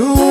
to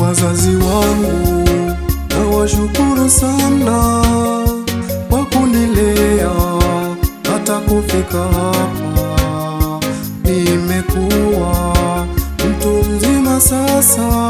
Wazazi wangu na washukuru sana kwa kunilea hata kufika hapa. Nimekuwa mtu mzima sasa.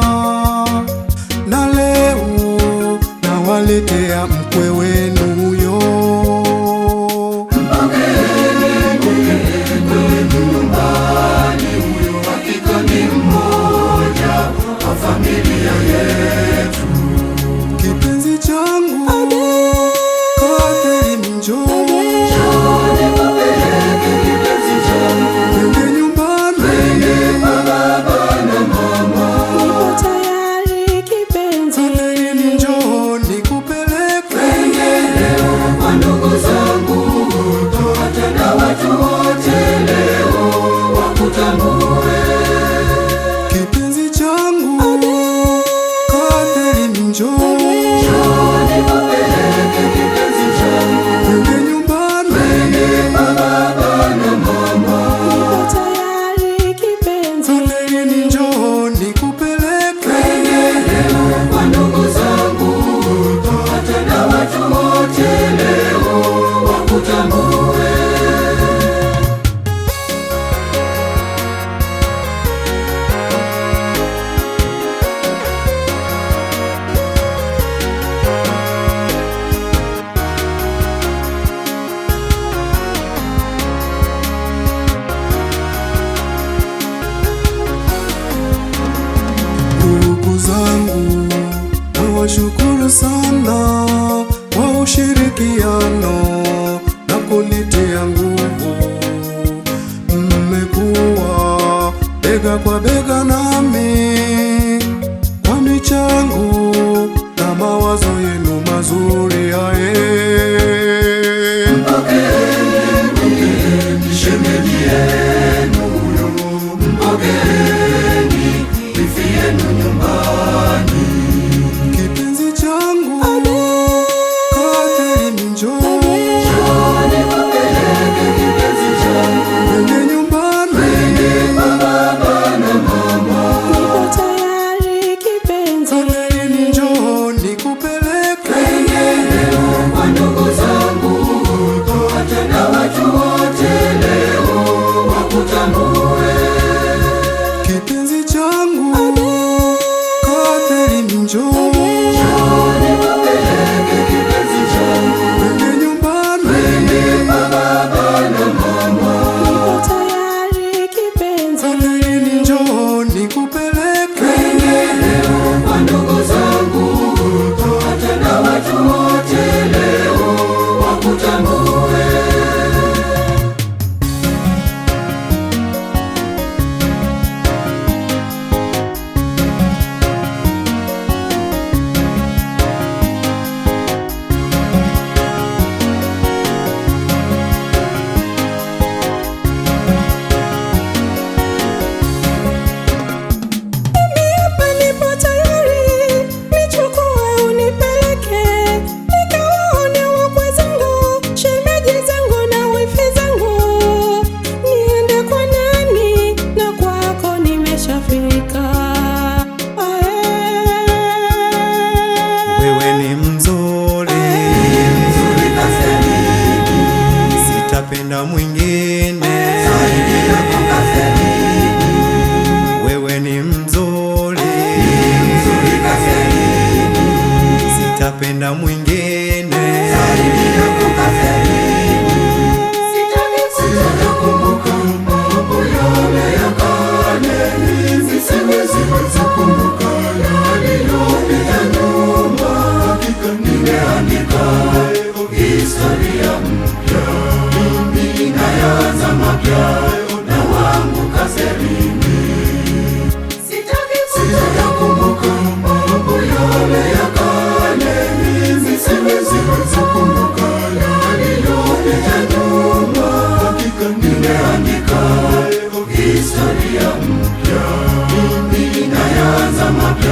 ushirikiano na kunitia nguvu, mmekuwa bega kwa bega. not.